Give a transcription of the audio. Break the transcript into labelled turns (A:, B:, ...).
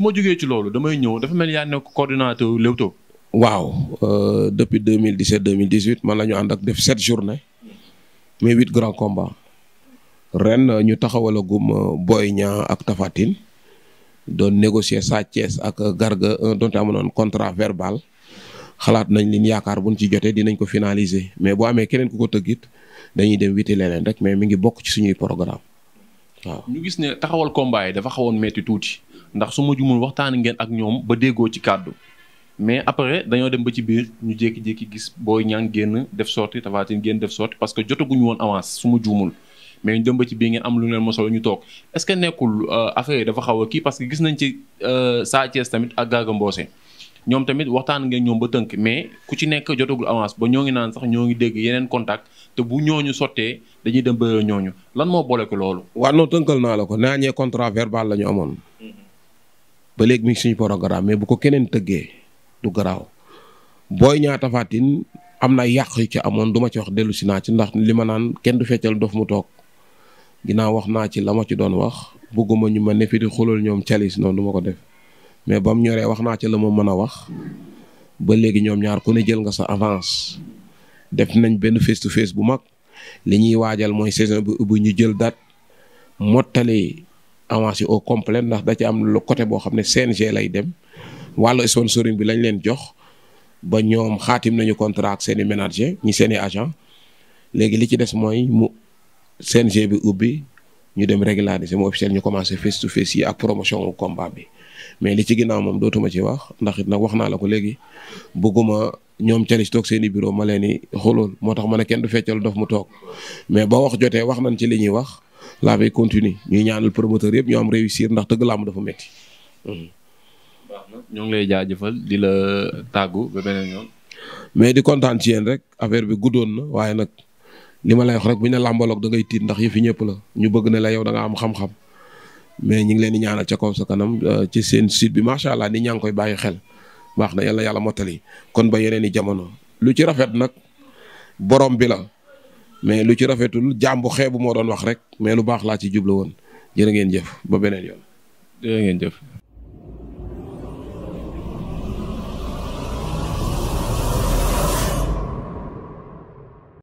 A: bu ma jógee ci loolu damay ñëw dafa mel ni yaa nekk coordinateur Leewtoo.
B: waaw euh, depuis 2017 2018 man la ñu ànd ak def sept journée mais huit grands combats ren euh, ñu taxawala taxawalagum euh, Boy Niang ak Tapha Tine doon négocier Sa Thiès ak Garga donte amoon contrat verbal xalaat nañ liñ yaakaar buñ ci jotee dinañ ko finaliser mais boo amee keneen ku ko tëggit dañuy dem witi leneen rek mais mi ngi bokk ci suñuy programme
A: waaw ñu gis ne taxawal combat dafa xawoon metti tuuti ndax su ma jumul waxtaan ngeen ak ñoom ba déggoo ci kàddu mais après dañoo dem ba ci biir ñu jékki-jékki gis Boy Niang génn def sorti Tapha Tine def sorti parce que jotaguñu woon avance suma ma mais ñu dem ba ci biir ngeen am lu leen mosolo ñu toog est-ce que nekkul euh, affaire yi dafa xaw a kii parce que gis nañ ci euh, Sa Thiès tamit ak Garga Mbossé ñoom tamit waxtaan ngeen ñoom ba tënk mais ku ci nekk jotagul avance ba ñoo ngi naan sax ñoo ngi dégg yeneen contact te bu ñooñu sottee dañuy dem ba ñooñu lan moo boole
B: ko loolu. waaw noo tënkal naa la ko naa ñee contrat verbal la amoon. Mm-hmm. ba léegi mi suñu programme bu ko keneen tëggee du garaaw booy ñaata fàttin am na yàq yu ci amoon duma ci wax dellu si naa ci ndax li ma naan kenn du feccal dof mu toog ginnaaw wax naa ci la ma ci doon wax bëgguma ñu ma ne fi di xulal ñoom calis noonu duma ko def. mais ba mu ñoree wax naa ci la ma mën a wax ba léegi ñoom ñaar ku ne jël nga sa avance def nañ benn face to face bu mag li ñuy waajal mooy saison bi ubbi ñu jël date mottali avance au complet ndax da ci am lu côté boo xam ne CNG lay dem wàllu sponsoring bi lañ leen jox ba ñoom xaatim nañu contrat ak seen i manager ñi seen i agent léegi li ci des mooy mu CNG bi ubbi ñu dem régulariser mu officiel ñu commencé face to face yi ak promotion au combat bi. mais li ci ginnaaw moom dootuma ci wax ndax it nag wax naa la ko léegi bëgguma ñoom calis toog seen i ma leen i xulool moo tax ma ne kenn du feccal daf mu toog mais ba wax jotee wax nañ ci li ñuy wax laa bay continue ñu ñaanal promoteur yëpp ñu am réussir ndax tëgg làmb dafa métti
A: ñoo ngi lay jaajëfal di la tàggu beneen yoon
B: mais di kontaan ci yéen rek affaire bi guddoon na waaye nag li ma lay wax rek bu ñu ne làmbaloog da tiit ndax yëfi ñëpp la ñu bëgg na la yow da am xam-xam mais ñu ngi leen di ñaanal ca kaw sa kanam euh, ci seen site bi macha allah ni ñaa ngi koy bàyyi xel baax na yàlla yàlla mottali kon ba yeneen i jamono lu ci rafet nag borom bi la mais lu ci rafetul jàmbu xeebu moo doon wax rek mais lu baax laa ci jublu woon jërë ngeen jëf ba beneen yoon. jërë ngeen jëf.